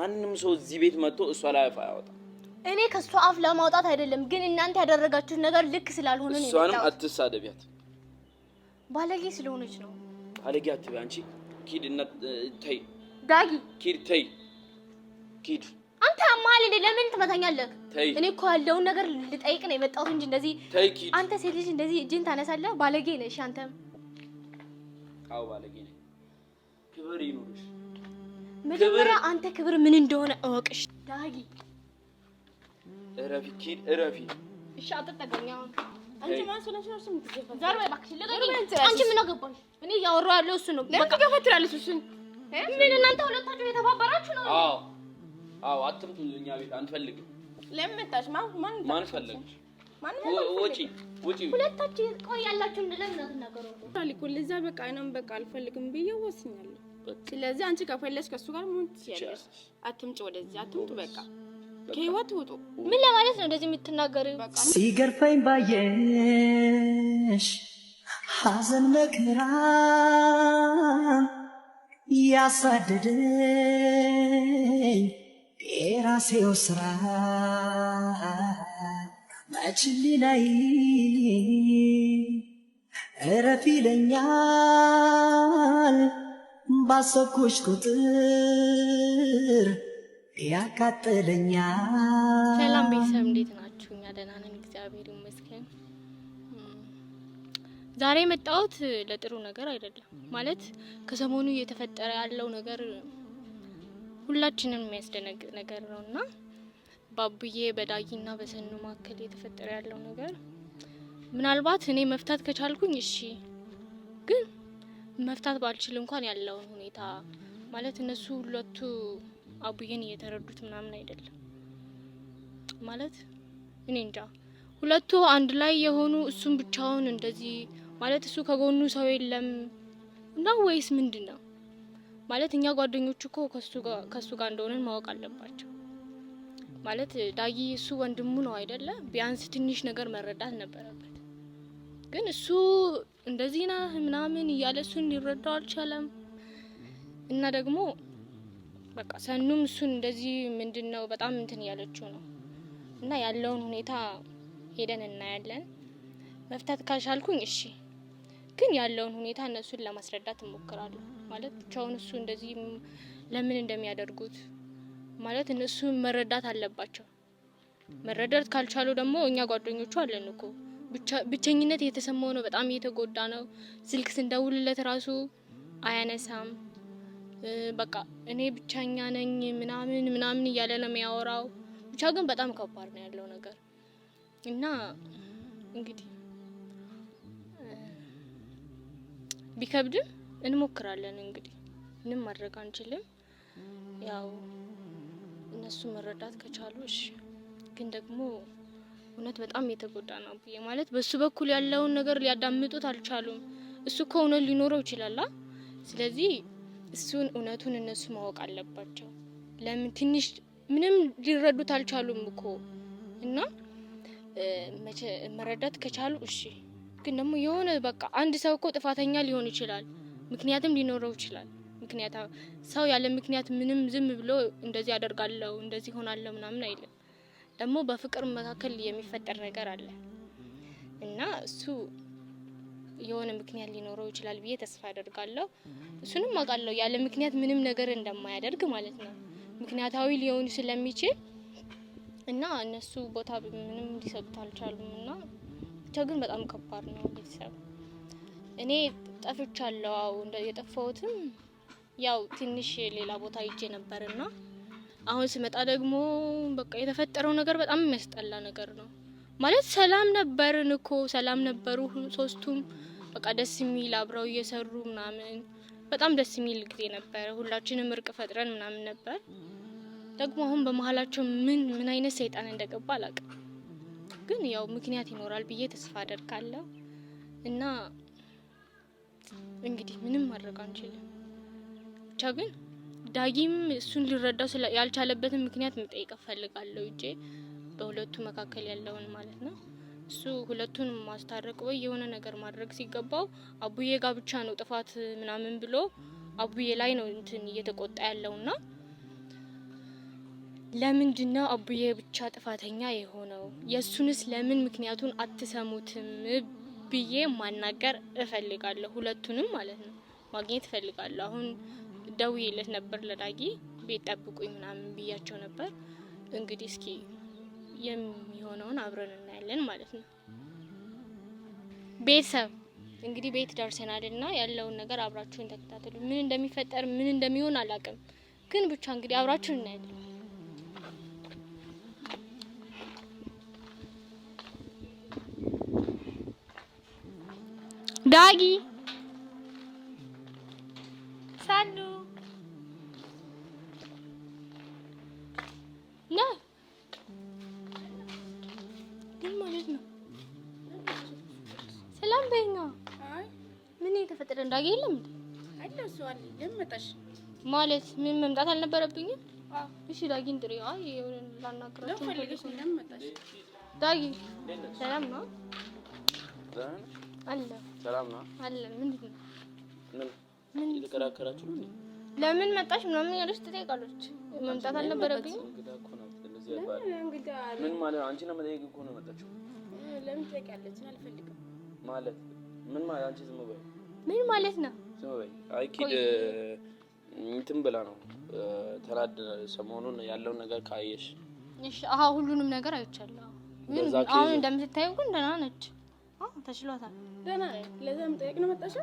ማንም ሰው እዚህ ቤት መጥቶ እሷ ላይ አፍ አያወጣም። እኔ ከእሷ አፍ ለማውጣት አይደለም፣ ግን እናንተ ያደረጋችሁት ነገር ልክ ስላልሆነ ነው። እሷንም አትሳደቢያት፣ ባለጌ ስለሆነች ነው። ባለጌ አትበይ አንቺ። ኪድ እና ተይ፣ ዳጊ ኪድ፣ ተይ ኪድ አንተ ማል እንደ ለምን ትመታኛለህ? እኔ እኮ ያለውን ነገር ልጠይቅ ነው የመጣሁት እንጂ እንደዚህ አንተ ሴት ልጅ እንደዚህ እጅን ታነሳለህ። ባለጌ ነሽ አንተም። አዎ ባለጌ ነሽ። ክብር ይኑርሽ። መጀመሪያ አንተ ክብር ምን እንደሆነ እወቅሽ። ዳጊ እረፊ፣ ኪድ እረፊ። እሺ አትጠጋኝ። አንቺ ምን አገባሽ? እኔ እያወራሁ ያለው እሱ ነው። ለምን ትገፈትራለሽ? እሱን ምን እናንተ ሁለታችሁ የተባበራችሁ ነው? አዎ አዎ። አትምጡልኝ፣ እኛ ቤት አንፈልግም። ለምን መጣሽ? ማን ማን ማን ፈለግሽ? ውጪ ውጪ። ሁለታችሁ ቆያላችሁ። ለምን አትናገሩም? ታሊኩ ለዛ በቃ እኔም በቃ አልፈልግም ብዬ ወስኛለሁ። ስለዚህ አንቺ ከፈለሽ ከእሱ ጋር መሆን ትችያለሽ። አትምጭ ወደዚህ አትምጡ። በቃ ከህይወት ውጡ። ምን ለማለት ነው እንደዚህ የምትናገሪው? ሲገርፈኝ ባየሽ ሐዘን መከራ ያሳደደኝ የራሴው ስራ መችሊ ላይ እረፍ ይለኛል ባሰብኩሽ ቁጥር ያቃጥለኛል። ሰላም ቤተሰብ እንዴት ናችሁ? እኛ ደህና ነን፣ እግዚአብሔር ይመስገን። ዛሬ የመጣሁት ለጥሩ ነገር አይደለም። ማለት ከሰሞኑ እየተፈጠረ ያለው ነገር ሁላችንም የሚያስደነግጥ ነገር ነው እና ባቡዬ በዳጊና በሰኑ መካከል እየተፈጠረ ያለው ነገር ምናልባት እኔ መፍታት ከቻልኩኝ እሺ ግን መፍታት ባልችል እንኳን ያለውን ሁኔታ ማለት እነሱ ሁለቱ አቡዬን እየተረዱት ምናምን አይደለም ማለት እኔ እንጃ ሁለቱ አንድ ላይ የሆኑ እሱም ብቻውን እንደዚህ ማለት እሱ ከጎኑ ሰው የለም እና ወይስ ምንድን ነው ማለት እኛ ጓደኞች እኮ ከሱ ጋር እንደሆነን ማወቅ አለባቸው። ማለት ዳጊ እሱ ወንድሙ ነው አይደለ? ቢያንስ ትንሽ ነገር መረዳት ነበረበት። ግን እሱ እንደዚህ ነህ ምናምን እያለ እሱን ሊረዳው አልቻለም። እና ደግሞ በቃ ሰኑም እሱን እንደዚህ ምንድን ነው በጣም እንትን እያለችው ነው። እና ያለውን ሁኔታ ሄደን እናያለን። መፍታት ካልቻልኩኝ እሺ፣ ግን ያለውን ሁኔታ እነሱን ለማስረዳት እሞክራለሁ። ማለት ብቻውን እሱ እንደዚህ ለምን እንደሚያደርጉት ማለት እነሱ መረዳት አለባቸው። መረዳት ካልቻሉ ደግሞ እኛ ጓደኞቹ አለን እኮ ብቸኝነት እየተሰማው ነው። በጣም እየተጎዳ ነው። ስልክ ስንደውልለት ራሱ አያነሳም። በቃ እኔ ብቻኛ ነኝ ምናምን ምናምን እያለ ነው የሚያወራው። ብቻ ግን በጣም ከባድ ነው ያለው ነገር እና እንግዲህ ቢከብድም እንሞክራለን። እንግዲህ ምንም ማድረግ አንችልም። ያው እነሱ መረዳት ከቻሉ እሺ፣ ግን ደግሞ እውነት በጣም የተጎዳ ነው ብዬ ማለት በሱ በኩል ያለውን ነገር ሊያዳምጡት አልቻሉም። እሱ እኮ እውነት ሊኖረው ይችላል። ስለዚህ እሱን እውነቱን እነሱ ማወቅ አለባቸው። ለምን ትንሽ ምንም ሊረዱት አልቻሉም እኮ እና መረዳት ከቻሉ እሺ። ግን ደግሞ የሆነ በቃ አንድ ሰው እኮ ጥፋተኛ ሊሆን ይችላል፣ ምክንያትም ሊኖረው ይችላል። ምክንያት ሰው ያለ ምክንያት ምንም ዝም ብሎ እንደዚህ አደርጋለሁ እንደዚህ ሆናለሁ ምናምን አይልም። ደግሞ በፍቅር መካከል የሚፈጠር ነገር አለ እና እሱ የሆነ ምክንያት ሊኖረው ይችላል ብዬ ተስፋ አደርጋለሁ። እሱንም አውቃለሁ ያለ ምክንያት ምንም ነገር እንደማያደርግ ማለት ነው። ምክንያታዊ ሊሆን ስለሚችል እና እነሱ ቦታ ምንም ሊሰጡት አልቻሉም። እና ብቻ ግን በጣም ከባድ ነው። ቤተሰብ እኔ ጠፍቻለሁ። አዎ የጠፋሁትም ያው ትንሽ ሌላ ቦታ ይጄ ነበርና አሁን ስመጣ ደግሞ በቃ የተፈጠረው ነገር በጣም የሚያስጠላ ነገር ነው። ማለት ሰላም ነበርን እኮ ሰላም ነበሩ ሶስቱም፣ በቃ ደስ የሚል አብረው እየሰሩ ምናምን በጣም ደስ የሚል ጊዜ ነበረ። ሁላችንም እርቅ ፈጥረን ምናምን ነበር። ደግሞ አሁን በመሀላቸው ምን ምን አይነት ሰይጣን እንደገባ አላውቅም፣ ግን ያው ምክንያት ይኖራል ብዬ ተስፋ አደርጋለሁ እና እንግዲህ ምንም ማድረግ አንችልም ብቻ ግን ዳጊም እሱን ሊረዳው ያልቻለበትን ምክንያት መጠየቅ እፈልጋለሁ። እጄ በሁለቱ መካከል ያለውን ማለት ነው። እሱ ሁለቱን ማስታረቅ ወይ የሆነ ነገር ማድረግ ሲገባው አቡዬ ጋር ብቻ ነው ጥፋት ምናምን ብሎ አቡዬ ላይ ነው እንትን እየተቆጣ ና ለምንድን ነው አቡዬ ብቻ ጥፋተኛ የሆነው? የእሱንስ ለምን ምክንያቱን አትሰሙትም ብዬ ማናገር እፈልጋለሁ። ሁለቱንም ማለት ነው ማግኘት እፈልጋለሁ አሁን ደውዬለት ነበር ለዳጊ ቤት ጠብቁኝ ምናምን ብያቸው ነበር። እንግዲህ እስኪ የሚሆነውን አብረን እናያለን ማለት ነው። ቤተሰብ እንግዲህ ቤት ደርሰናል እና ያለውን ነገር አብራችሁን ተከታተሉ። ምን እንደሚፈጠር ምን እንደሚሆን አላውቅም፣ ግን ብቻ እንግዲህ አብራችሁን እናያለን። ዳጊ ይመጣሉ። ና ግን ማለት ነው ሰላም በይኛ። ምን የተፈጠረ እንዳገ የለም ማለት ምን መምጣት አልነበረብኝም። እሺ ዳጊን ጥሪ። አይ ላናግራችሁ ሰላም ነው አለ። ሰላም ነው አለ። ምንድን ነው እየተከራከራችሁ ነው። ለምን መጣሽ ምናምን ያለች ትጠይቃለች። መምጣት አልነበረብኝም። ምን ማለት አንቺ ነው መጠየቅ እኮ ነው መጣችሁ። ለምን ትጠይቃለች? አልፈልግም ማለት ምን ማለት አንቺ ዝም በይ። ምን ማለት ነው ዝም በይ? አይኪድ እንትን ብላ ነው ተናድ ሰሞኑን ያለውን ነገር ካየሽ እሺ። አሃ ሁሉንም ነገር አይቻለሁ። ምን አሁን እንደምትታየው ግን ደህና ነች። አዎ ተሽሏታል። ደህና ነች። ለዛም ጠየቅ ነው መጣሽ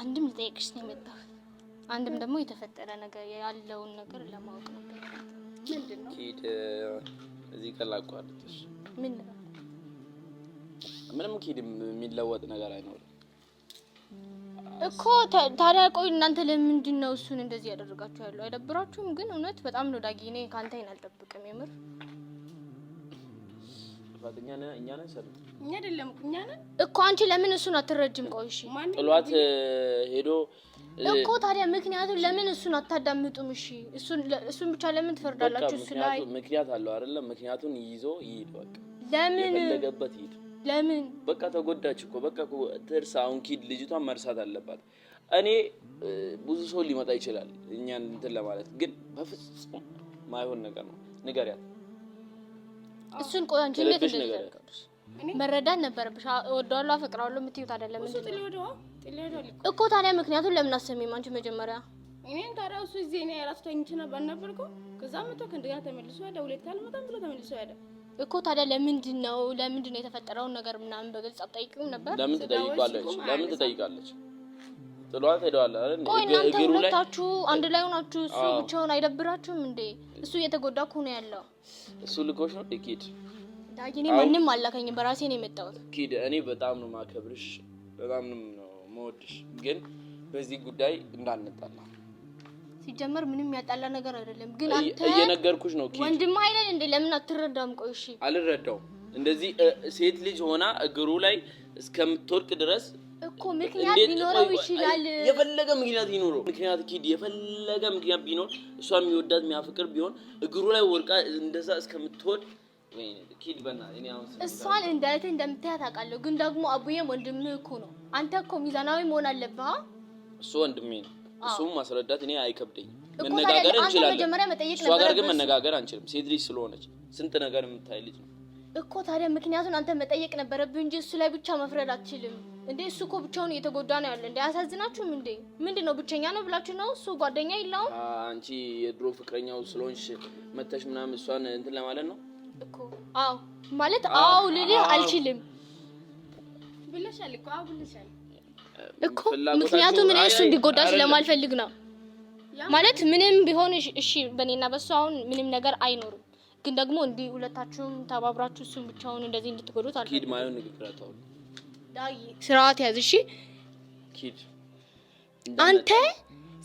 አንድም ልጠይቅሽ ነው የመጣሁት፣ አንድም ደግሞ የተፈጠረ ነገር ያለውን ነገር ለማወቅ ነው። ምንድን ኪድ እዚህ ቀላቋልጥሽ ምን ምንም ኪድ የሚለወጥ ነገር አይኖርም እኮ ታዲያ ቆይ እናንተ ለምንድን ነው እሱን እንደዚህ ያደረጋችሁ? ያለው አይደብራችሁም? ግን እውነት በጣም ነው ዳጊ፣ እኔ ከአንተ ይሄን አልጠብቅም የምር እኛ ነን። እኛ ነን እኛ አይደለም እኛ ነን እኮ። አንቺ ለምን እሱን አትረጅም? ቆይ እሺ፣ ጥሏት ሄዶ እኮ ታዲያ ምክንያቱም ለምን እሱን አታዳምጡም? እሺ፣ እሱን ብቻ ለምን ትፈርዳላችሁ? እሱ ላይ ምክንያት አለው አይደለም? ምክንያቱን ይዞ ይሄድ በቃ። ለምን የፈለገበት ይሄድ ለምን በቃ ተጎዳች እኮ በቃ እኮ ትርሳ። አሁን ኪድ ልጅቷን መርሳት አለባት። እኔ ብዙ ሰው ሊመጣ ይችላል እኛን እንትን ለማለት ግን በፍጹም ማይሆን ነገር ነው። ንገሪያት እሱን ቆይ፣ አንቺ እንዴት እንደዚህ ታደርጋለሽ? መረዳት ነበረብሽ። እወደዋለሁ፣ አፈቅራለሁ የምትይውት አይደለም እንዴ? እኮ ታዲያ ምክንያቱን ለምን አሰሚም? አንቺ መጀመሪያ እኔን ታዲያ እሱ እዚህ እኔ የራሱ ተኝቼ ነበር ነበርኩ። ከዛ መጥቶ ከእንደገና ተመልሶ ያለ ሁለት አልመጣም ብሎ ተመልሶ ያለ እኮ ታዲያ ለምንድን ነው ለምንድን ነው የተፈጠረውን ነገር ምናምን በግልጽ አትጠይቂውም ነበር? ለምን ትጠይቃለች? ለምን ትጠይቃለች? ጥሏት ሄደዋል አይደል? ቆይ እናንተ ሁለታችሁ አንድ ላይ ሆናችሁ እሱ ብቻውን አይደብራችሁም እንዴ? እሱ እየተጎዳ እኮ ነው ያለው። እሱ ልኮሽ ነው ኪድ? ዳጊኔ ማንም አላከኝም በራሴ ነው የመጣሁት። ኪድ እኔ በጣም ነው ማከብርሽ፣ በጣም ነው መወድሽ፣ ግን በዚህ ጉዳይ እንዳንጣላ። ሲጀመር ምንም ያጣላ ነገር አይደለም፣ ግን አንተ እየነገርኩሽ ነው ኪድ። ወንድም አይደል እንዴ? ለምን አትረዳም? ቆይ እሺ፣ አልረዳው እንደዚህ ሴት ልጅ ሆና እግሩ ላይ እስከምትወድቅ ድረስ እኮ ምክንያት ሊኖረው ይችላል። የፈለገ ምክንያት ይኖረው ምክንያት ኪድ የፈለገ ምክንያት ቢኖር እሷ የሚወዳት የሚያፍቅር ቢሆን እግሩ ላይ ወርቃ እንደዛ እስከምትወድ እሷን እንዳይቴ እንደምታያት አውቃለሁ። ግን ደግሞ አቡዬም ወንድምህ እኮ ነው። አንተ እኮ ሚዛናዊ መሆን አለብህ። እሱ ወንድሜ ነው። እሱም ማስረዳት እኔ አይከብደኝም። መነጋገር እንችላለን። እሷ ጋር ግን መነጋገር አንችልም። ሴት ልጅ ስለሆነች ስንት ነገር የምታይ ልጅ ነው እኮ ታዲያ ምክንያቱን አንተ መጠየቅ ነበረብህ እንጂ እሱ ላይ ብቻ መፍረድ አትችልም እንዴ። እሱ እኮ ብቻውን እየተጎዳ ነው ያለ እንዴ። አያሳዝናችሁም እንዴ? ምንድን ነው ብቸኛ ነው ብላችሁ ነው? እሱ ጓደኛ የለውም። አንቺ የድሮ ፍቅረኛው ስለሆንሽ መተሽ ምናምን እሷን እንትን ለማለት ነው እኮ። አዎ ማለት አዎ ልልህ አልችልም ብለሻል እኮ። አዎ ብለሻል እኮ። ምክንያቱም እኔ እሱ እንዲጎዳ ስለማልፈልግ ነው ማለት ምንም ቢሆን እሺ፣ በእኔና በእሱ አሁን ምንም ነገር አይኖርም። ግን ደግሞ እንዲህ ሁለታችሁም ተባብራችሁ እሱን ብቻውን እንደዚህ እንድትጎዱት አለ ኪድ ማየው ንግግር አታውል ዳይ ስርዓት ያዝ እሺ ኪድ አንተ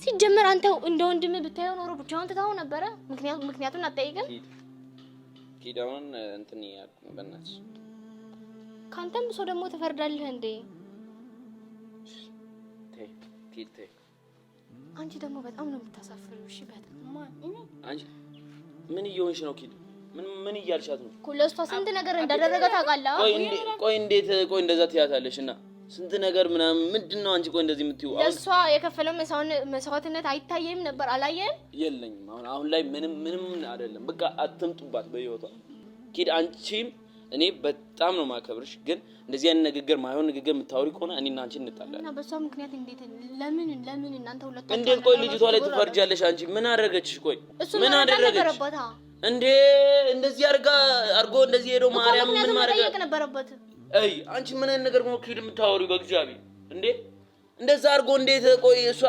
ሲጀመር አንተ እንደ ወንድም ብታየው ኖሮ ብቻውን ትታው ነበረ ምክንያቱም ምክንያቱን አጠይቅም ኪድ አሁን እንትን ያቁ በእናትሽ ካንተም ብሶ ደግሞ ትፈርዳለህ እንዴ ኪድ አንቺ ደግሞ በጣም ነው የምታሳፍሪው እሺ በጣም አንቺ ምን እየሆንሽ ነው ኪድ? ምን ምን እያልሻት ነው? ለእሷ ስንት ነገር እንዳደረገ ታውቃለህ? ቆይ እንዴ ቆይ እንዴት ቆይ እንደዛ ትያታለሽ እና ስንት ነገር ምናምን ምንድን ነው አንቺ? ቆይ እንደዚህ የምትይው ለእሷ የከፈለው መስዋዕትነት አይታየም ነበር አላየም? የለኝም አሁን አሁን ላይ ምንም ምንም አይደለም። በቃ አትምጡባት በህይወቷ ኪድ አንቺም እኔ በጣም ነው ማከብርሽ፣ ግን እንደዚህ አይነት ንግግር ማይሆን ንግግር የምታወሪ ከሆነ እኔ እና አንቺ እንጣላለን። እና በሷ ምክንያት እንዴት ለምን ለምን እናንተ ሁለቱ እንዴት? ቆይ ልጅቷ ላይ ትፈርጃለሽ አንቺ። ምን አደረገችሽ? ቆይ ምን አደረገች እንዴ? እንደዚህ አርጋ አርጎ እንደዚህ ሄዶ ማርያም ምን ማድረግ ነበረበት? አይ አንቺ ምን አይነት ነገር ነው ክሪድ የምታወሪ? በእግዚአብሔር እንዴ! እንደዛ አርጎ እንዴት? ቆይ እሷ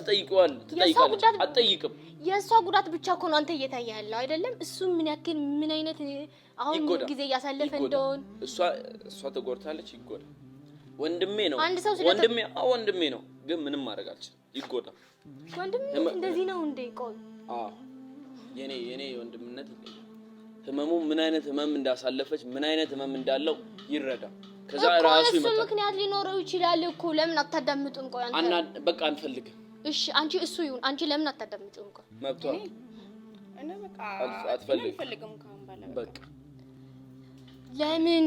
ትጠይቀዋል? ትጠይቃለች? አትጠይቅም የእሷ ጉዳት ብቻ እኮ ነው አንተ እየታየ ያለው አይደለም። እሱ ምን ያክል ምን አይነት አሁን ምን ጊዜ እያሳለፈ እንደሆን እሷ እሷ ተጎድታለች። ይጎዳ ወንድሜ ነው አንድ ሰው ወንድሜ፣ አዎ ወንድሜ ነው፣ ግን ምንም ማድረግ አልችልም። ይጎዳ ወንድሜ እንደዚህ ነው እንደ ቆይ፣ አዎ የኔ የኔ ወንድምነት ህመሙ ምን አይነት ህመም እንዳሳለፈች ምን አይነት ህመም እንዳለው ይረዳ። ከዛ ራሱ ይመጣ። ምክንያት ሊኖረው ይችላል እኮ ለምን አታዳምጡን? ቆይ አንተ በቃ አንፈልግም እሺ አንቺ እሱ ይሁን። አንቺ ለምን አታዳምጪው? እንኳን መብቷ እኔ በቃ አትፈልግም። በቃ ለምን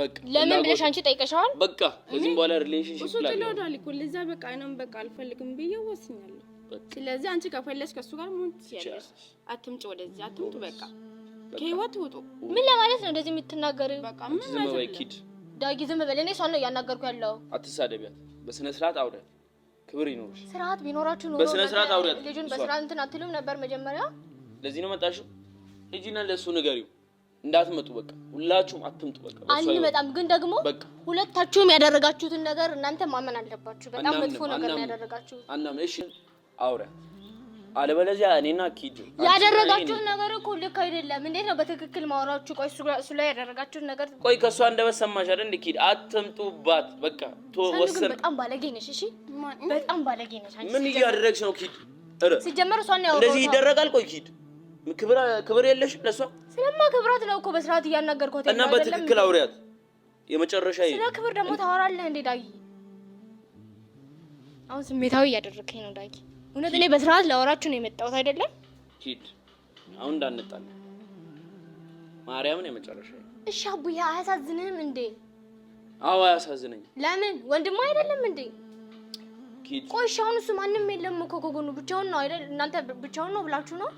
በቃ ለምን ብለሽ አንቺ ጠይቀሻል? በቃ ከዚህም በኋላ ሪሌሽንሺፕ ላይ እሱ ነው እሱ ለዛ በቃ እኔም በቃ አልፈልግም ብዬ ወስኛለሁ። ስለዚህ አንቺ ከፈለሽ ከሱ ጋር ምን ትያለሽ? አትምጪ፣ ወደዚህ አትምጡ። በቃ ከህይወት ውጡ። ምን ለማለት ነው እንደዚህ የምትናገሪው? በቃ ምን ማለት ነው? ዳጊ ዝም በል። እኔ እሷን ነው እያናገርኩ ያለው። አትሳደቢያት። በስነ ስርዓት አውሪያት ክብር ይኖርሽ። ስርዓት ቢኖራችሁ ኖሮ በስነ ስርዓት አውሪያት። ልጁን በስርዓት እንትን አትልም ነበር መጀመሪያ። ለዚህ ነው መጣሽው። ሂጂና ለሱ ንገሪው እንዳትመጡ በቃ ሁላችሁም አትምጡ። በቃ አንመጣም። ግን ደግሞ ሁለታችሁም ያደረጋችሁትን ነገር እናንተ ማመን አለባችሁ። በጣም መጥፎ ነገር ነው ያደረጋችሁት። አናም እሺ አውሪያት አለበለዚያ እኔና ኪድ ያደረጋችሁት ነገር እኮ ልክ አይደለም። እንዴት ነው በትክክል ማውራችሁ? ቆይ እሱ ላይ ያደረጋችሁት ነገር ቆይ ከእሷ እንደበሰማሽ ሰማሽ አይደል? ኪድ አትምጡባት። በቃ ወሰን። በጣም ባለጌ ነሽ። እሺ፣ በጣም ባለጌ ነሽ። ምን እያደረግሽ ነው ኪድ? ሲጀመር እሷን ያወራው እንደዚህ ይደረጋል? ቆይ ኪድ ክብር የለሽም ለእሷ። ስለማ ክብራት ነው እኮ በስርዓት እያናገርኳት እና በትክክል አውሪያት። የመጨረሻ ስለ ክብር ደግሞ ታወራለህ እንዴ ዳጊ? አሁን ስሜታዊ እያደረግከኝ ነው ዳጊ እውነት እኔ በስርዓት ላወራችሁ ነው የመጣሁት አይደለም። ሂድ አሁን እንዳንጣል ማርያምን የመጨረሻ እሺ። አቡዬ አያሳዝንህም እንዴ? አዎ አያሳዝነኝ። ለምን ወንድማ አይደለም እንዴ? ቆይ እሺ፣ አሁን እሱ ማንም የለም እኮ ከጎኑ ብቻውን ነው አይደል? እናንተ ብቻውን ነው ብላችሁ ነው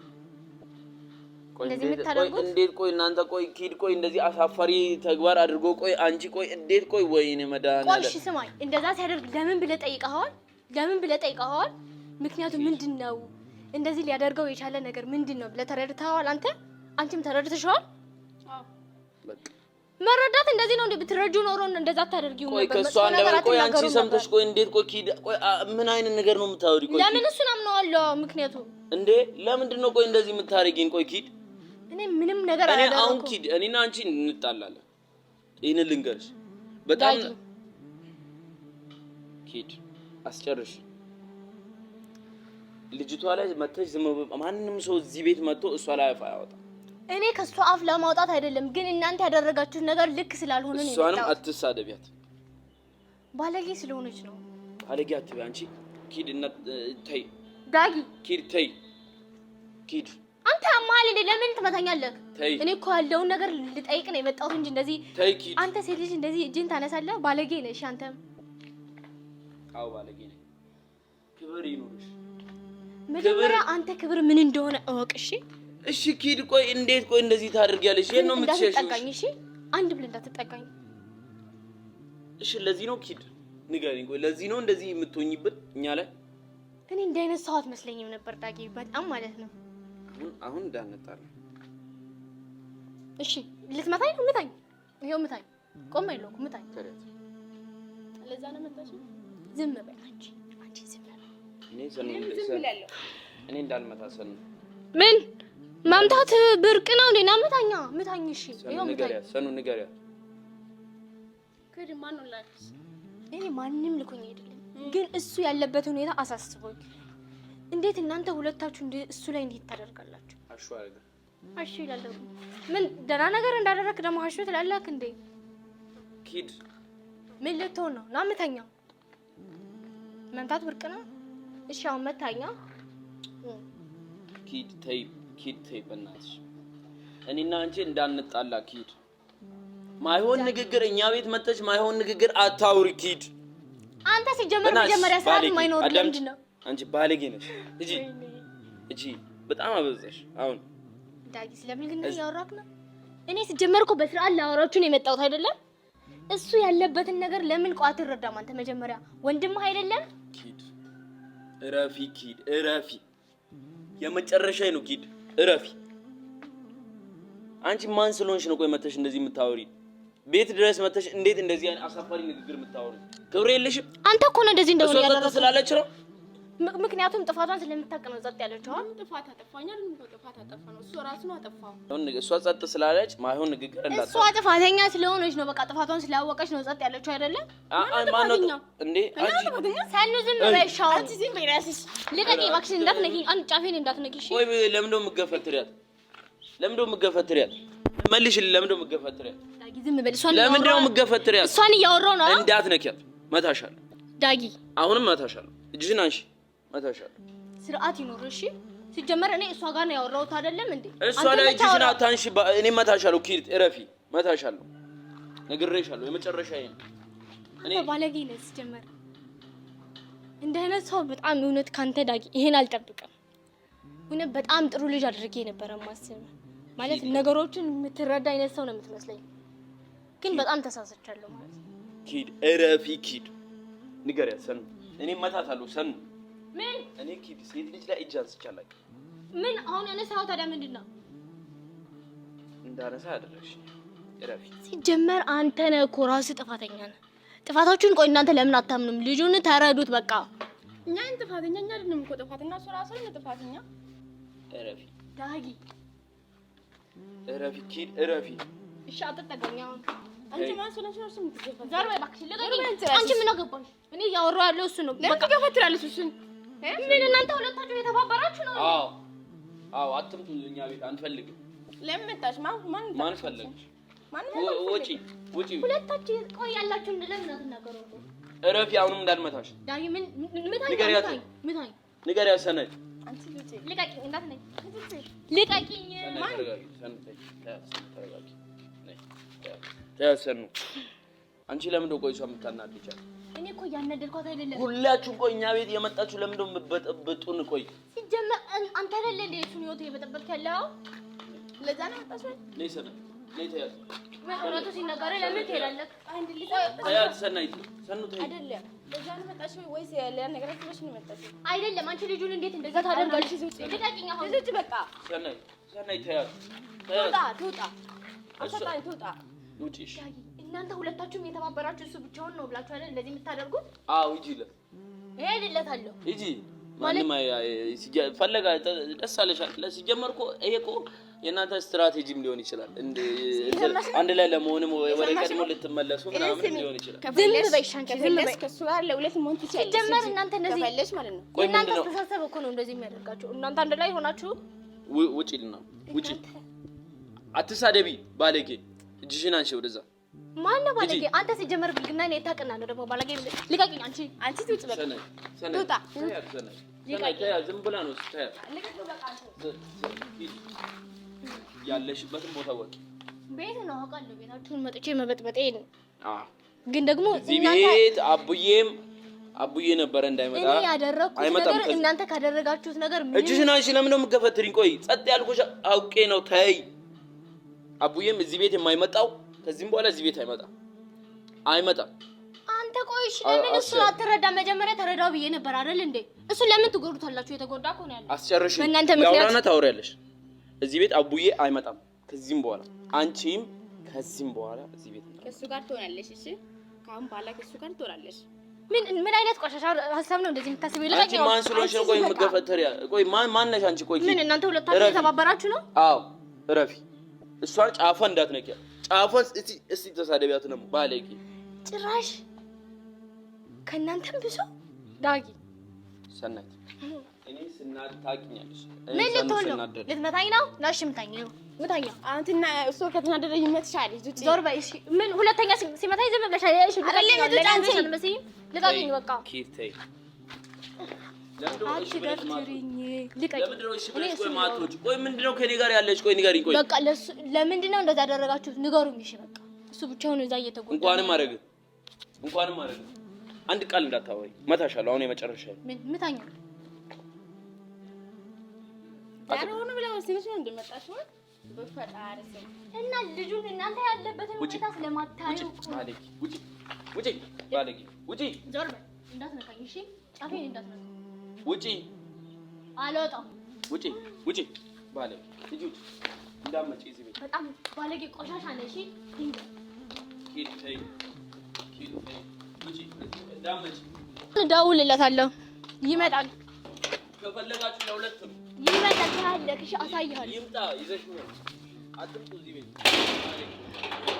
እንዴት ቆይ እናንተ ቆይ ኪድ ቆይ እንደዚህ አሳፋሪ ተግባር አድርጎ ቆይ አንቺ ቆይ እንዴት ቆይ ወይኔ መድኃኒዓለም ቆይ እሺ ስማኝ፣ እንደዛ ሲያደርግ ለምን ብለህ ጠይቀኸዋል? ለምን ብለህ ጠይቀኸዋል? ምክንያቱ ምንድን ነው እንደዚህ ሊያደርገው የቻለ ነገር ምንድን ነው ብለህ ተረድተኸዋል? አንተ አንቺም ተረድተሽዋል? መረዳት እንደዚህ ነው። እንዴ? ብትረጁ ኖሮ እንደዛ አታደርጊው ነበር። ከሷ አንደበት ቆይ፣ አንቺ ሰምተሽ ቆይ፣ እንዴት ቆይ፣ ምን አይነት ነገር ነው የምታወሪ? ቆይ፣ ለምን እሱን አምነዋለሁ። ምክንያቱ እንዴ ለምንድን ነው ቆይ እንደዚህ የምታደርጊኝ? ቆይ ኪድ፣ እኔ ምንም ነገር አላደረኩ። እኔ አሁን ኪድ፣ እኔና አንቺ እንጣላለን። ይሄን ልንገርሽ በጣም ኪድ፣ አስጨርሽ ልጅቷ ላይ መተሽ ዝም ማንም ሰው እዚህ ቤት መጥቶ እሷ ላይ አፍ አያወጣም። እኔ ከእሷ አፍ ለማውጣት አይደለም፣ ግን እናንተ ያደረጋችሁት ነገር ልክ ስላልሆነ ነው። እሷንም አትሳደቢያት፣ ባለጌ ስለሆነች ነው። ባለጌ አትበይ አንቺ። ኪድ እና ተይ፣ ዳጊ ኪድ፣ ተይ ኪድ። አንተ አማል እንዴ ለምን ትመታኛለህ? ተይ። እኔ እኮ ያለውን ነገር ልጠይቅ ነው የመጣሁት እንጂ እንደዚህ ተይ ኪድ። አንተ ሴት ልጅ እንደዚህ እጅን ታነሳለህ? ባለጌ ነሽ አንተም። አዎ ባለጌ ነኝ። ክብር ይኑርሽ። መጀመሪያ አንተ ክብር ምን እንደሆነ እወቅ። እሺ፣ እሺ ኪድ፣ ቆይ እንዴት፣ ቆይ እንደዚህ ታደርጊያለሽ? ይሄን ነው የምትሸሽው? እንዳትጠጋኝ፣ እሺ? አንድ ብለህ እንዳትጠጋኝ፣ እሺ? ለዚህ ነው ኪድ፣ ንገሪኝ። ቆይ ለዚህ ነው እንደዚህ የምትሆኝብን እኛ ላይ? እኔ እንዲህ አይነት ሰው አትመስለኝም ነበር ዳጊ፣ በጣም ማለት ነው። አሁን አሁን እንዳነጣለ። እሺ፣ ልትመታኝ ነው? ምታኝ፣ ይሄው ምታኝ። ቆም አይለውም፣ ምታኝ። ለዛ ነው መጣሽ? ዝም በይ አንቺ እኔ እንዳልመታሰል ነው። ምን መምታት ብርቅ ነው እንዴ? ና ምታኝ። እሺ ሰኑ ንገሪያ። እኔ ማንም ልኮኝ አይደለም፣ ግን እሱ ያለበት ሁኔታ አሳስቦኝ። እንዴት እናንተ ሁለታችሁ እሱ ላይ እንዴት ታደርጋላችሁ? አሹ አለ አሹ ይላል። ምን ደህና ነገር እንዳደረክ ደግሞ አሹ ትላለህ እንዴ? ኪድ ምን ልትሆን ነው? ና ምታኛ። መምታት ብርቅ ነው እሺ አሁን መታኛ ኪድ ቴፕ ኪድ ቴፕ በእናትሽ እኔና አንቺ እንዳንጣላ ኪድ ማይሆን ንግግር እኛ ቤት መጥተሽ ማይሆን ንግግር አታውሪ ኪድ አንተ ሲጀመር መጀመሪያ ሰዓት ማይኖር ለምንድን ነው አንቺ ባለጌ ነሽ እጂ እጂ በጣም አበዛሽ አሁን ዳጊ ስለምን ግን ያወራክ ነው እኔ ሲጀመር እኮ በስርዓት ላወራችሁ ነው የመጣሁት አይደለም እሱ ያለበትን ነገር ለምን ቋት ይረዳም አንተ መጀመሪያ ወንድምህ አይደለም ኪድ እረፊ ኪድ፣ እረፊ። የመጨረሻ ነው ኪድ፣ እረፊ። አንቺ ማን ስለሆንሽ ነው ቆይ መተሽ እንደዚህ የምታወሪ? ቤት ድረስ መተሽ እንዴት እንደዚህ አሳፋሪ ንግግር የምታወሪ? ክብር የለሽም። አንተ እኮ ነው እንደዚህ እንደሆነ ያደረገው ስላለች ነው ምክንያቱም ጥፋቷን ስለምታውቅ ነው ጸጥ ያለችው። ጥፋት አጠፋኛል ነው ጥፋት አጠፋ ነው እሱ ራሱ ነው አጠፋው። እሷ ጸጥ ስላለች ማይሆን ንግግር እንዳትሰማ። እሷ ጥፋተኛ ስለሆነች ነው በቃ ጥፋቷን ስላወቀች ነው ጸጥ ያለችው አይደለ? ማነው እንዴ? አንቺ ሰኑ ዝም በይ። ሻው አንቺ ዝም በይ። ራስሽ ልቀቂ እባክሽን፣ እንዳትነኪኝ። አንድ ጫፌን እሺ ወይ ለምን ነው የምገፈትሪያት? ለምን ነው የምገፈትሪያት? መልሽልኝ። ለምን ነው የምገፈትሪያት? ዳጊ ዝም በል። እሷን ለምን ነው የምገፈትሪያት? እሷን እያወራሁ ነው። እንዳትነኪያት። መታሻለሁ ዳጊ። አሁንም መታሻለሁ። እጅሽን አንሺ እታሻለሁ። ስርዓት ይኖር እሺ። ሲጀመር እኔ እሷ ጋር ነው ያወራሁት አይደለም እንዴ? እሷ ላይ እጅሽን አታንሺ። እኔ መታሻለሁ። ኪሪት እረፊ። መታሻለሁ። ነግሬሻለሁ። የመጨረሻ ይሄን እኔ ባለጌ ነህ ሲጀመር። እንደ አይነት ሰው በጣም እውነት ካንተ ዳጊ ይሄን አልጠብቅም። እውነት በጣም ጥሩ ልጅ አድርጌ ነበረ ማስብ ማለት ነገሮችን የምትረዳ አይነት ሰው ነው የምትመስለኝ፣ ግን በጣም ተሳስቻለሁ ማለት ኪድ እረፊ። ኪድ ንገሪያት ሰን እኔ መታታለሁ ሰን ምን እኔ ኪድ ሴት ልጅ ላይ እጅ አንስቻለሁ። ምን አሁን ያነሳው ታዲያ ምንድን ነው? እንዳነሳ ሲጀመር አንተ ነህ እኮ ራስህ ጥፋተኛ ነህ። ጥፋታችሁን ቆይ እናንተ ለምን አታምኑም? ልጁን ተረዱት በቃ። እኛ ጥፋተኛ፣ እኛ አይደለም እኮ ጥፋተኛ፣ እሱ ራሱ ነው ጥፋተኛ። እረፊ ዳጊ፣ እረፊ ኪድ፣ እረፊ። እሺ አንቺ ማን ስለሽ ነው? ዛሬ አንቺ ምን አገባሽ? እኔ እያወራሁ ያለው እሱ ነው። ትላለች እሱን ምን እናንተ ሁለታችሁ የተባበራችሁ ነው? አዎ አዎ፣ አትምጡ። እኛ ቤት አንፈልግም። ለምን መጣሽ? ማን ማን ማን ፈለግሽ? ማን ውጪ ውጪ። ሁለታችሁ ቆያላችሁ። ለምን አትናገሩም? እረፊ። አሁንም እንዳልመታሽ ዳጊ። ምን ምታኝ? ምታኝ፣ ንገሪያት ሰነድ ልቀቂኝ እንዳትነኝ፣ ልቀቂኝ። ማን ተረጋጊ፣ ተረጋጊ። ተያዝ ሰኑ አንቺ ለምን ቆይ እሷ የምታናድጃት? እኔ እኮ ያናደድኳት አይደለም። ሁላችሁ ቆይ እኛ ቤት የመጣችሁ ለምን ነው የምትበጠብጡን? ቆይ ሲጀመር አንተ አይደለ እንዴ እሱን ህይወት ያለው? ለዛ ነው መጣችሁ። ተያዝ። ሲነገር ለምን ትሄዳለህ? አንድ ልጅ ሰናይት ሰኑ አይደለም ለዛ ነገር አይደለም አንቺ ልጁን እንዴት እንደዛ ታደርጋለሽ? ዝም በቃ ሰናይት ሰናይት ተያዝ። ትውጣ አሰጣኝ ትውጣ ውጪ እሺ እናንተ ሁለታችሁም የተባበራችሁ እሱ ብቻውን ነው ብላችሁ አይደል እንደዚህ የምታደርጉት? አዎ ሂጂ ለ- ይሄ ሂጂ ማንም ፈለጋ ደስ አለሻል። ሲጀመር እኮ ይሄ እኮ የእናንተ ስትራቴጂም ሊሆን ይችላል። አንድ ላይ ለመሆንም ወደ ቀድሞ ልትመለሱ ምናምን ሊሆን ይችላል። ከሱ ጋር ለሁለት እናንተ ላይ አትሳደቢ ባለጌ፣ እጅሽን አንሺ ወደዛ ማነው ባለጌ? አንተ ሲጀመር ብልግና ነው የታቀና ነው ደግሞ ባለጌ። ልቀቂኝ! አንቺ አንቺ ትውጭ በቃ ትውጣ። ዝም ብላ ነው ያለሽበትን ቦታ ወቂ። ቤት ነው አውቃለሁ። ቤታችሁን መጥቼ መበጥበጤ ነው። ግን ደግሞ እዚህ ቤት አቡዬም አቡዬ ነበረ እንዳይመጣ እኔ ያደረኩት ነገር እናንተ ካደረጋችሁት ነገር ምን እጅሽን አንቺ ለምን ነው የምትገፈትሪኝ? ቆይ ጸጥ ያልኩሽ አውቄ ነው። ተይ አቡዬም እዚህ ቤት የማይመጣው ከዚህም በኋላ እዚህ ቤት አይመጣም አይመጣም። አንተ ቆይ እሺ፣ ለምን እሱን አትረዳም? መጀመሪያ ተረዳው ብዬ ነበር አይደል እንዴ? እሱ ለምን ትጎዱታላችሁ? የተጎዳ እኮ ነው ያለው። አስጨርሽ በእናንተ ምክንያት ያውራና ታወሪያለሽ። እዚህ ቤት አቡዬ አይመጣም ከዚህም በኋላ አንቺም ከዚህም በኋላ እዚህ ቤት ከእሱ ጋር ትሆናለሽ። እሺ፣ ከአሁን በኋላ ከእሱ ጋር ትሆናለሽ። ምን ምን አይነት ቆሻሻ ሀሳብ ነው እንደዚህ የምታስበው? አንቺ ማን ስለሆንሽ ነው? ቆይ የምገፈተሪያ ቆይ ማን ማን ነሽ አንቺ? ቆይ ምን እናንተ ሁለታችሁ የተባበራችሁ ነው? አዎ እረፊ። እሷን ጫፏ እንዳትነቂያ ጫፏን እስቲ ተሳደቢያት ነው ባለጌ። ጭራሽ ከእናንተም ብዙ ዳጊ ሰናይት፣ እኔ ስናድ ምን ልትሆን ነው? ልትመታኝ ነው? ናሽ ምታኝ ነው ምታኛ። አንተና እሱ ዞር ምን ሁለተኛ ሲመታኝ ዝም ብለሻል። በቃ አትገፍትሪኝ፣ ልቀቂ። ቆይ ምንድን ነው ከኔ ጋር ያለች? ቆይ ንገሪኝ። ቆይ በቃ ለሱ ለምንድን ነው እንደዛ ያደረጋችሁት? ንገሩኝ። እሺ በቃ እሱ ብቻውን እዛ እየተጎዳ እንኳንም አደረገ እንኳንም አደረገ። አንድ ቃል እንዳታወሪ መታሻለሁ። አሁን የመጨረሻ ምን ምታኛ ያልሆኑ ብለው ሲልሽ ነው እንደመጣሽ እና ልጁን እናንተ ያለበትን ሁኔታ ስለማታዩ ውጪ ውጪ ውጪ ዞር በል። እንዳትነካኝ እሺ፣ ጫፌን እንዳትነካኝ ውጪ አልወጣም። ውጪ ውጪ። ባለ ልጅ እንዳትመጪ እዚህ ቤት። በጣም ባለጌ ቆሻሻ ነሽ። እደውልለታለሁ ይመጣል። ከፈለጋችሁ ለሁለቱም ይመጣል። አሳይሃለሁ። ይምጣ። ይዘሽ አትምጡ እዚህ ቤት